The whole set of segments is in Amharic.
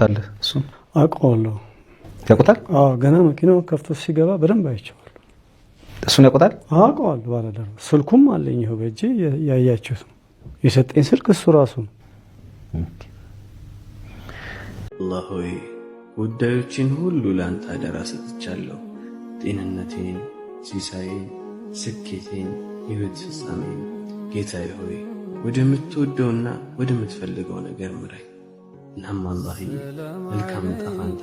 ታውቃለህ? እሱ አውቀዋለሁ። ያውቁታል? አዎ፣ ገና መኪናው ከፍቶ ሲገባ በደንብ አይቼዋለሁ። እሱን ያውቁታል? አውቀዋለሁ። ባለደር ስልኩም አለኝ ይኸው በእጄ ያያችሁት የሰጠኝ ስልክ እሱ ራሱ ነው። አላህ ሆይ ጉዳዮችን ሁሉ ለአንተ አደራ ሰጥቻለሁ። ጤንነቴን፣ ሲሳይን፣ ስኬቴን፣ ህይወት ፍጻሜን ጌታዬ ሆይ ወደምትወደውና ወደምትፈልገው ነገር ምራኝ። እናም መልካም ዕጣ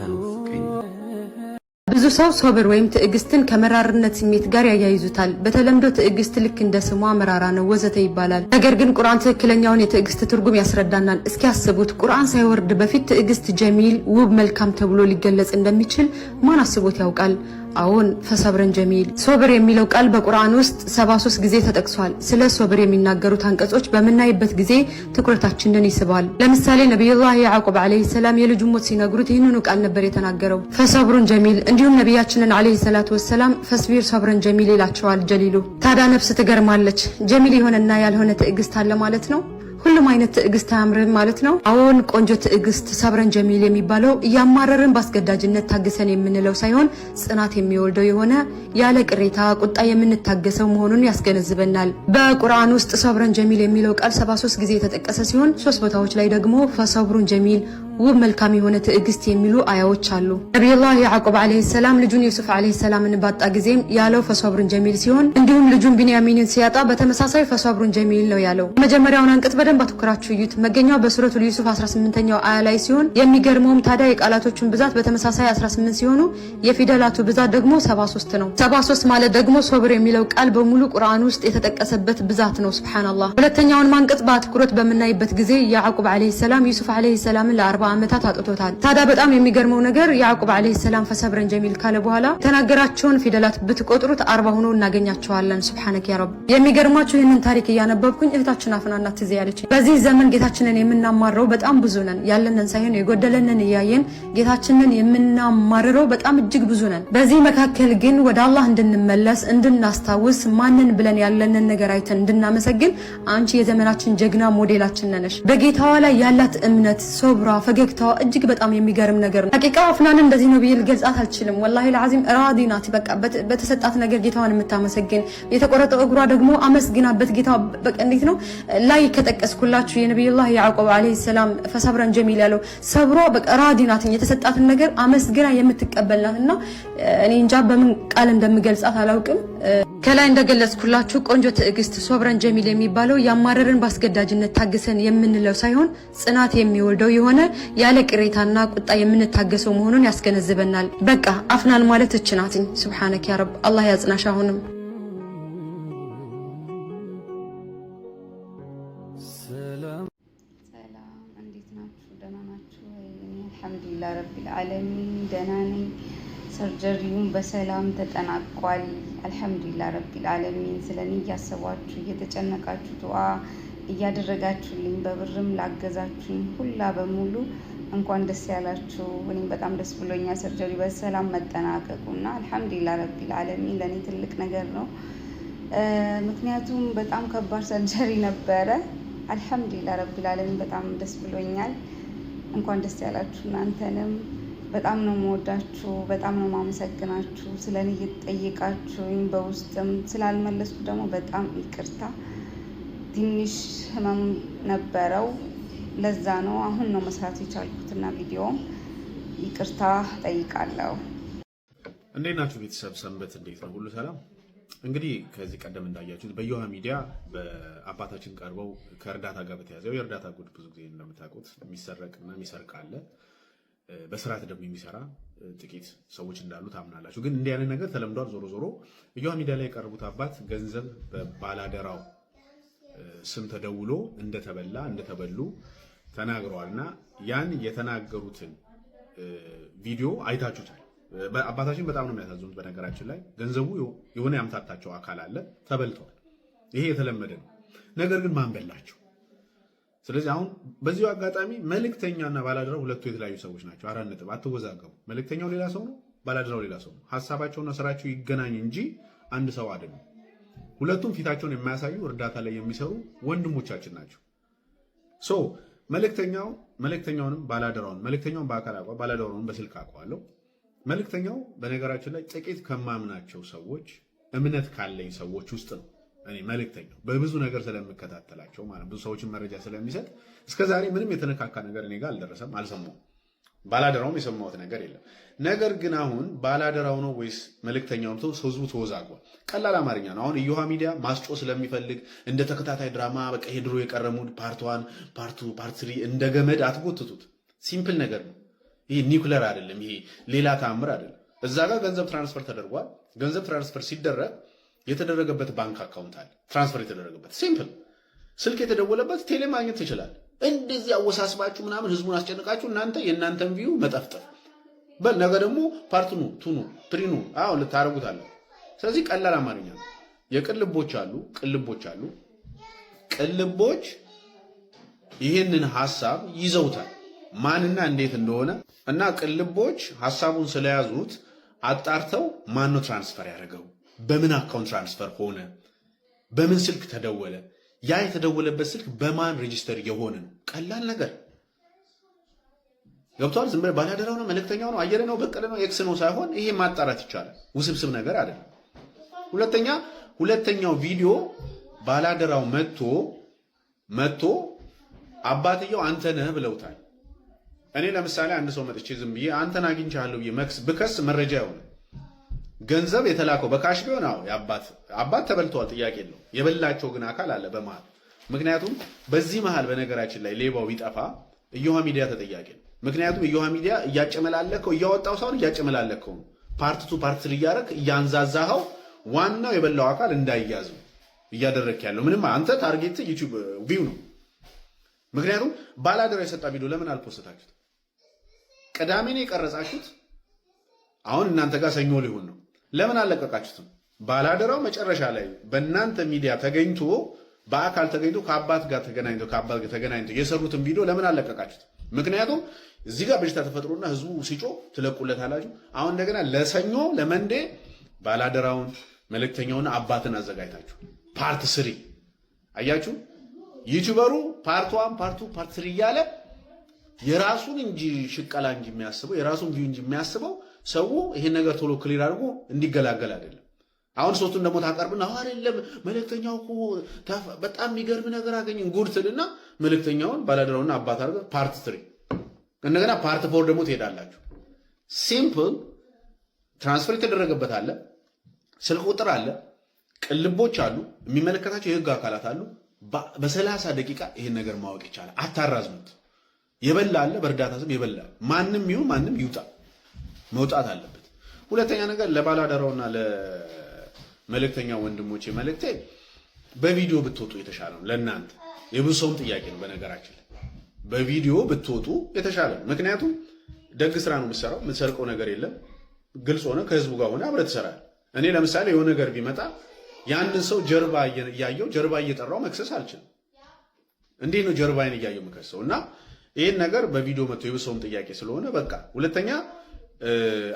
ብዙ ሰው ሶብር ወይም ትዕግስትን ከመራርነት ስሜት ጋር ያያይዙታል። በተለምዶ ትዕግስት ልክ እንደ ስሟ መራራ ነው ወዘተ ይባላል። ነገር ግን ቁርአን ትክክለኛውን የትዕግስት ትርጉም ያስረዳናል። እስኪ ያስቡት፣ ቁርአን ሳይወርድ በፊት ትዕግስት ጀሚል፣ ውብ፣ መልካም ተብሎ ሊገለጽ እንደሚችል ማን አስቦት ያውቃል? አዎን ፈሰብረን ጀሚል። ሶብር የሚለው ቃል በቁርአን ውስጥ 73 ጊዜ ተጠቅሷል። ስለ ሶብር የሚናገሩት አንቀጾች በምናይበት ጊዜ ትኩረታችንን ይስባል። ለምሳሌ ነቢዩላህ ያዕቁብ ዓለይሂ ሰላም የልጁ ሞት ሲነግሩት ይህንኑ ቃል ነበር የተናገረው፣ ፈሰብሩን ጀሚል። እንዲሁም ነቢያችንን ዓለይሂ ሰላቱ ወሰላም ፈስቢር ሰብረን ጀሚል ይላቸዋል። ጀሊሉ ታዳ ነፍስ ትገርማለች። ጀሚል የሆነና ያልሆነ ትዕግስት አለ ማለት ነው። ሁሉም አይነት ትዕግስት አያምርም ማለት ነው። አዎን ቆንጆ ትዕግስት ሰብረን ጀሚል የሚባለው እያማረርን በአስገዳጅነት ታግሰን የምንለው ሳይሆን ጽናት የሚወልደው የሆነ ያለ ቅሬታ ቁጣ የምንታገሰው መሆኑን ያስገነዝበናል። በቁርአን ውስጥ ሰብረን ጀሚል የሚለው ቃል 73 ጊዜ የተጠቀሰ ሲሆን ሶስት ቦታዎች ላይ ደግሞ ፈሰብሩን ጀሚል ውብ መልካም የሆነ ትዕግስት የሚሉ አያዎች አሉ። ነቢዩላህ ያዕቆብ ዓለይሂ ሰላም ልጁን ዩሱፍ ዓለይሂ ሰላምን ባጣ ጊዜም ያለው ፈሷብሩን ጀሚል ሲሆን እንዲሁም ልጁን ቢንያሚንን ሲያጣ በተመሳሳይ ፈሷብሩን ጀሚል ነው ያለው። የመጀመሪያውን አንቀጽ በደንብ አትኩራችሁ እዩት። መገኛው በሱረቱል ዩሱፍ 18ኛው አያ ላይ ሲሆን የሚገርመውም ታዲያ የቃላቶቹን ብዛት በተመሳሳይ 18 ሲሆኑ የፊደላቱ ብዛት ደግሞ 73 ነው። 73 ማለት ደግሞ ሶብር የሚለው ቃል በሙሉ ቁርአን ውስጥ የተጠቀሰበት ብዛት ነው። ሱብሃንአላህ። ሁለተኛውን ማንቀጽ በአትኩሮት በምናይበት ጊዜ ያዕቁብ ዓለይሂ ሰላም ዩሱፍ ዓለይሂ ሰላምን ለ አርባ ዓመታት አጥቶታል። ታዲያ በጣም የሚገርመው ነገር ያዕቁብ ዓለይሂ ሰላም ፈሰብረን ጀሚል ካለ በኋላ የተናገራቸውን ፊደላት ብትቆጥሩት አርባ ሆኖ እናገኛቸዋለን። ሱብሓነክ ያ ረብ። የሚገርማችሁ ይህንን ታሪክ እያነበብኩኝ እህታችን አፍናና ትዝ ያለች በዚህ ዘመን ጌታችንን የምናማረው በጣም ብዙ ነን። ያለንን ሳይሆን የጎደለንን እያየን ጌታችንን የምናማርረው በጣም እጅግ ብዙ ነን። በዚህ መካከል ግን ወደ አላህ እንድንመለስ እንድናስታውስ ማንን ብለን ያለንን ነገር አይተን እንድናመሰግን አንቺ የዘመናችን ጀግና ሞዴላችን ነነሽ። በጌታዋ ላይ ያላት እምነት ሶብራ ፈገግታዋ እጅግ በጣም የሚገርም ነገር ነው። ሀቂቃ አፍናን እንደዚህ ነው ብዬ ልገልጻት አልችልም። ወላሂ ለዓዚም ራዲ ናት። በቃ በተሰጣት ነገር ጌታዋን የምታመሰግን የተቆረጠው እግሯ ደግሞ አመስግናበት ጌታ በቃ እንዴት ነው ላይ ከጠቀስኩላችሁ የነቢዩላህ ያዕቆብ ዓለይሂ ሰላም ፈሰብረን ጀሚል ያለው ሰብሯ በቃ ራዲ ናት። የተሰጣትን ነገር አመስግና የምትቀበል ናት እና እኔ እንጃ በምን ቃል እንደምገልጻት አላውቅም። ከላይ እንደገለጽኩላችሁ ቆንጆ ትዕግስት ሶብረን ጀሚል የሚባለው ያማረርን በአስገዳጅነት ታግሰን የምንለው ሳይሆን ጽናት የሚወልደው የሆነ ያለ ቅሬታና ቁጣ የምንታገሰው መሆኑን ያስገነዝበናል። በቃ አፍናን ማለት እችናትኝ። ሱብሓነክ ያረብ አላህ ያጽናሽ አሁንም አልሐምዱሊላህ ረቢል ዓለሚን ደህና ነኝ። ሰርጀሪውን በሰላም ተጠናቋል። አልሐምዱሊላህ ረቢል ዓለሚን። ስለኔ እያሰባችሁ እየተጨነቃችሁ ዱዓ እያደረጋችሁልኝ በብርም ላገዛችሁኝ ሁላ በሙሉ እንኳን ደስ ያላችሁ። እኔም በጣም ደስ ብሎኛል። ሰርጀሪ በሰላም መጠናቀቁ እና አልሐምዱሊላህ ረቢል ዓለሚን ለእኔ ትልቅ ነገር ነው። ምክንያቱም በጣም ከባድ ሰርጀሪ ነበረ። አልሐምዱሊላህ ረቢል በጣም ደስ ብሎኛል። እንኳን ደስ ያላችሁ እናንተንም በጣም ነው የምወዳችሁ፣ በጣም ነው የማመሰግናችሁ። ስለ እኔ እየተጠየቃችሁኝ በውስጥም ስላልመለስኩ ደግሞ በጣም ይቅርታ ትንሽ ህመም ነበረው። ለዛ ነው አሁን ነው መስራት የቻልኩትና ቪዲዮም ይቅርታ ጠይቃለሁ። እንዴት ናችሁ ቤተሰብ? ሰንበት እንዴት ነው? ሁሉ ሰላም? እንግዲህ ከዚህ ቀደም እንዳያችሁት በየውሃ ሚዲያ በአባታችን ቀርበው ከእርዳታ ጋር በተያዘው የእርዳታ ጉድ ብዙ ጊዜ እንደምታውቁት የሚሰረቅና የሚሰርቅ አለ። በስርዓት ደግሞ የሚሰራ ጥቂት ሰዎች እንዳሉ ታምናላችሁ። ግን እንዲህ አይነት ነገር ተለምዷል። ዞሮ ዞሮ የውሃ ሚዲያ ላይ የቀረቡት አባት ገንዘብ በባላደራው ስም ተደውሎ እንደተበላ እንደተበሉ ተናግረዋል እና ያን የተናገሩትን ቪዲዮ አይታችሁታል። አባታችን በጣም ነው የሚያሳዝኑት። በነገራችን ላይ ገንዘቡ የሆነ ያምታታቸው አካል አለ። ተበልተዋል። ይሄ የተለመደ ነው። ነገር ግን ማንበላቸው ስለዚህ አሁን በዚሁ አጋጣሚ መልእክተኛና ባላደራው ሁለቱ የተለያዩ ሰዎች ናቸው። አራት ነጥብ። አትወዛገቡ። መልእክተኛው ሌላ ሰው ነው፣ ባላደራው ሌላ ሰው ነው። ሀሳባቸውና ስራቸው ይገናኝ እንጂ አንድ ሰው አይደለም። ሁለቱም ፊታቸውን የማያሳዩ እርዳታ ላይ የሚሰሩ ወንድሞቻችን ናቸው። ሶ መልእክተኛው መልእክተኛውንም ባላደራውን መልእክተኛውን በአካል አውቀዋለሁ፣ ባላደራውን በስልክ አውቀዋለሁ። መልእክተኛው በነገራችን ላይ ጥቂት ከማምናቸው ሰዎች እምነት ካለኝ ሰዎች ውስጥ ነው። እኔ መልእክተኛው በብዙ ነገር ስለምከታተላቸው ማለት ብዙ ሰዎችን መረጃ ስለሚሰጥ እስከዛሬ ምንም የተነካካ ነገር እኔ ጋር አልደረሰም፣ አልሰማሁም። ባላደራውም የሰማሁት ነገር የለም። ነገር ግን አሁን ባላደራው ነው ወይስ መልእክተኛው ነው? ህዝቡ ተወዛግቧል። ቀላል አማርኛ ነው። አሁን እዮሃ ሚዲያ ማስጮ ስለሚፈልግ እንደ ተከታታይ ድራማ በቃ የድሮ የቀረሙት ፓርት ዋን፣ ፓርቱ፣ ፓርት ስሪ እንደ ገመድ አትጎትቱት። ሲምፕል ነገር ነው። ይሄ ኒውክለር አይደለም። ይሄ ሌላ ተአምር አይደለም። እዛ ጋር ገንዘብ ትራንስፈር ተደርጓል። ገንዘብ ትራንስፈር ሲደረግ የተደረገበት ባንክ አካውንት አለ፣ ትራንስፈር የተደረገበት ሲምፕል። ስልክ የተደወለበት ቴሌ ማግኘት ይችላል። እንደዚህ አወሳስባችሁ ምናምን ህዝቡን አስጨንቃችሁ እናንተ የእናንተን ቪዩ መጠፍጠፍ በል ነገ ደግሞ ፓርትኑ ቱኑ ትሪኑ አሁን ልታረጉታለ። ስለዚህ ቀላል አማርኛ ነው። የቅልቦች አሉ ቅልቦች አሉ ቅልቦች ይህንን ሀሳብ ይዘውታል። ማንና እንዴት እንደሆነ እና ቅልቦች ሀሳቡን ስለያዙት አጣርተው ማን ነው ትራንስፈር ያደረገው፣ በምን አካውንት ትራንስፈር ሆነ፣ በምን ስልክ ተደወለ ያ የተደወለበት ስልክ በማን ሬጂስተር የሆነ ነው? ቀላል ነገር ገብቷል። ዝም ብለህ ባላደራው ነው፣ መልእክተኛው ነው፣ አየለ ነው፣ በቀለ ነው፣ ኤክስ ነው ሳይሆን ይሄ ማጣራት ይቻላል። ውስብስብ ነገር አይደለም። ሁለተኛ ሁለተኛው ቪዲዮ ባላደራው መጥቶ መጥቶ አባትየው አንተ ነህ ብለውታል። እኔ ለምሳሌ አንድ ሰው መጥቼ ዝም ብዬ አንተን አግኝቻለሁ ብዬ መክስ ብከስ መረጃ ይሆናል። ገንዘብ የተላከው በካሽ ቢሆን አዎ የአባት አባት ተበልተዋል፣ ጥያቄ ነው የበላቸው ግን አካል አለ በመሀል። ምክንያቱም በዚህ መሀል በነገራችን ላይ ሌባው ቢጠፋ እዮሃ ሚዲያ ተጠያቂ ነው። ምክንያቱም እዮሃ ሚዲያ እያጨመላለከው እያወጣው ሳይሆን እያጨመላለከው ነው። ፓርት ቱ ፓርት ስር እያንዛዛኸው ዋናው የበላው አካል እንዳይያዙ እያደረክ ያለው ምንም አንተ ታርጌት ዩቲዩብ ቪው ነው። ምክንያቱም ባላደራ የሰጣ ቪዲዮ ለምን አልፖስታችሁት? ቅዳሜ ነው የቀረጻችሁት። አሁን እናንተ ጋር ሰኞ ሊሆን ነው ለምን አልለቀቃችሁትም? ባላደራው መጨረሻ ላይ በእናንተ ሚዲያ ተገኝቶ በአካል ተገኝቶ ከአባት ጋር ተገናኝቶ ከአባት ጋር ተገናኝቶ የሰሩትን ቪዲዮ ለምን አልለቀቃችሁትም? ምክንያቱም እዚህ ጋር በሽታ ተፈጥሮና ህዝቡ ሲጮ ትለቁለት አላችሁ። አሁን እንደገና ለሰኞ ለመንዴ ባላደራውን መልእክተኛውን አባትን አዘጋጅታችሁ ፓርት ስሪ አያችሁ። ዩቲዩበሩ ፓርት ዋን፣ ቱ ፓርት ስሪ እያለ የራሱን እንጂ ሽቀላ እንጂ የሚያስበው የራሱን ቪው እንጂ የሚያስበው ሰው ይሄን ነገር ቶሎ ክሊር አድርጎ እንዲገላገል አይደለም። አሁን ሶስቱን ደግሞ ታቀርብና አይደለም መልእክተኛው በጣም የሚገርም ነገር አገኘን ጉድ ትልና መልእክተኛውን ባላደራውና አባት አድርገ ፓርት ትሪ እንደገና ፓርት ፎር ደግሞ ትሄዳላችሁ። ሲምፕል ትራንስፈር የተደረገበት አለ፣ ስልክ ቁጥር አለ፣ ቅልቦች አሉ፣ የሚመለከታቸው የህግ አካላት አሉ። በሰላሳ ደቂቃ ይህን ነገር ማወቅ ይቻላል። አታራዝሙት። የበላ አለ፣ በእርዳታ ስም የበላ ማንም ይሁን ማንም ይውጣ። መውጣት አለበት። ሁለተኛ ነገር ለባላደራውና ለመልእክተኛ ወንድሞቼ መልእክቴ በቪዲዮ ብትወጡ የተሻለ ነው። ለእናንተ የብዙ ሰውም ጥያቄ ነው። በነገራችን ላይ በቪዲዮ ብትወጡ የተሻለ ነው። ምክንያቱም ደግ ስራ ነው የምትሰራው። የምትሰርቀው ነገር የለም። ግልጽ ሆነ ከህዝቡ ጋር ሆነ አብረህ ትሰራለህ። እኔ ለምሳሌ የሆነ ነገር ቢመጣ ያንን ሰው ጀርባ እያየው ጀርባ እየጠራው መክሰስ አልችልም። እንዴት ነው ጀርባዬን እያየው መከሰው? እና ይህን ነገር በቪዲዮ መጥቶ የብሰውም ጥያቄ ስለሆነ በቃ ሁለተኛ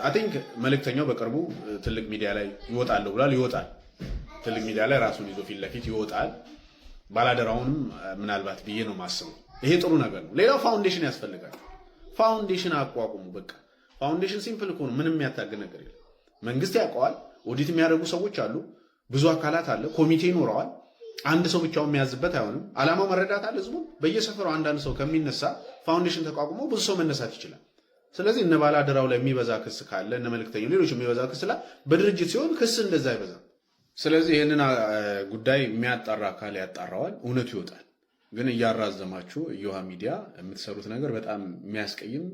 አይ ቲንክ መልእክተኛው በቅርቡ ትልቅ ሚዲያ ላይ ይወጣለሁ ብሏል። ይወጣል፣ ትልቅ ሚዲያ ላይ ራሱን ይዞ ፊት ለፊት ይወጣል። ባላደራውንም ምናልባት ብዬ ነው ማስበው። ይሄ ጥሩ ነገር ነው። ሌላው ፋውንዴሽን ያስፈልጋል። ፋውንዴሽን አቋቁሙ። በቃ ፋውንዴሽን ሲምፕል ከሆነ ምንም የሚያታግል ነገር የለም። መንግስት ያውቀዋል። ኦዲት የሚያደርጉ ሰዎች አሉ። ብዙ አካላት አለ። ኮሚቴ ይኖረዋል። አንድ ሰው ብቻውን የሚያዝበት አይሆንም። አላማው መረዳት አለ። ህዝቡ በየሰፈሩ አንዳንድ ሰው ከሚነሳ ፋውንዴሽን ተቋቁሞ ብዙ ሰው መነሳት ይችላል። ስለዚህ እነ ባላደራው ላይ የሚበዛ ክስ ካለ እነ መልክተኛው፣ ሌሎች የሚበዛ ክስ ላይ በድርጅት ሲሆን ክስ እንደዛ አይበዛም። ስለዚህ ይህንን ጉዳይ የሚያጣራ አካል ያጣራዋል፣ እውነቱ ይወጣል። ግን እያራዘማችሁ እዮሃ ሚዲያ የምትሰሩት ነገር በጣም የሚያስቀይም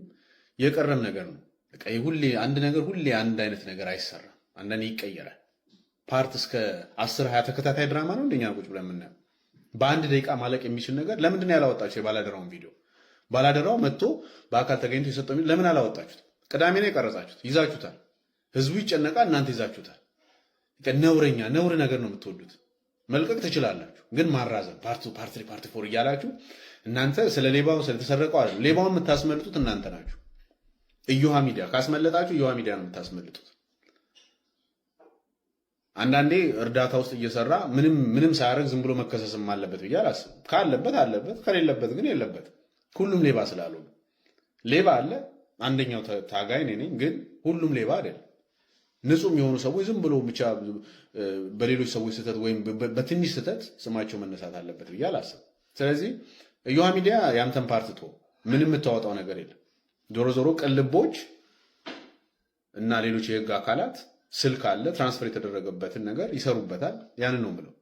የቀረም ነገር ነው። ሁሌ አንድ ነገር ሁሌ አንድ አይነት ነገር አይሰራም። አንዳንድ ይቀየራል። ፓርት እስከ አስር ሀያ ተከታታይ ድራማ ነው እንደኛ ቁጭ ብለን የምናየው በአንድ ደቂቃ ማለቅ የሚችል ነገር ለምንድን ነው ያላወጣቸው የባላደራውን ቪዲዮ ባላደራው መጥቶ በአካል ተገኝቶ የሰጠው ለምን አላወጣችሁት? ቅዳሜ ነው የቀረጻችሁት፣ ይዛችሁታል። ህዝቡ ይጨነቃል፣ እናንተ ይዛችሁታል። ነውረኛ ነውር ነገር ነው የምትወዱት። መልቀቅ ትችላላችሁ፣ ግን ማራዘም ፓርቲ ፓርቲ ፓርቲ ፎር እያላችሁ እናንተ ስለ ሌባው ስለተሰረቀው አለ ሌባውን የምታስመልጡት እናንተ ናችሁ። እዮሃ ሚዲያ ካስመለጣችሁ እዮሃ ሚዲያ ነው የምታስመልጡት። አንዳንዴ እርዳታ ውስጥ እየሰራ ምንም ምንም ሳያደርግ ዝም ብሎ መከሰስም አለበት ብዬ አላስብም። ካለበት አለበት፣ ከሌለበት ግን የለበትም። ሁሉም ሌባ ነው። ሌባ አለ። አንደኛው ታጋይ እኔ ነኝ፣ ግን ሁሉም ሌባ አይደለም። ንጹም የሆኑ ሰዎች ዝም ብሎ ብቻ በሌሎች ሰዎች ስህተት ወይም በትንሽ ስህተት ስማቸው መነሳት አለበት ብዬ አላስብ። ስለዚህ እዮሃ ሚዲያ ያንተን ፓርትቶ ምን የምታወጣው ነገር የለም። ዞሮ ዞሮ ቅልቦች እና ሌሎች የህግ አካላት ስልክ አለ ትራንስፈር የተደረገበትን ነገር ይሰሩበታል። ያንን ነው ብለው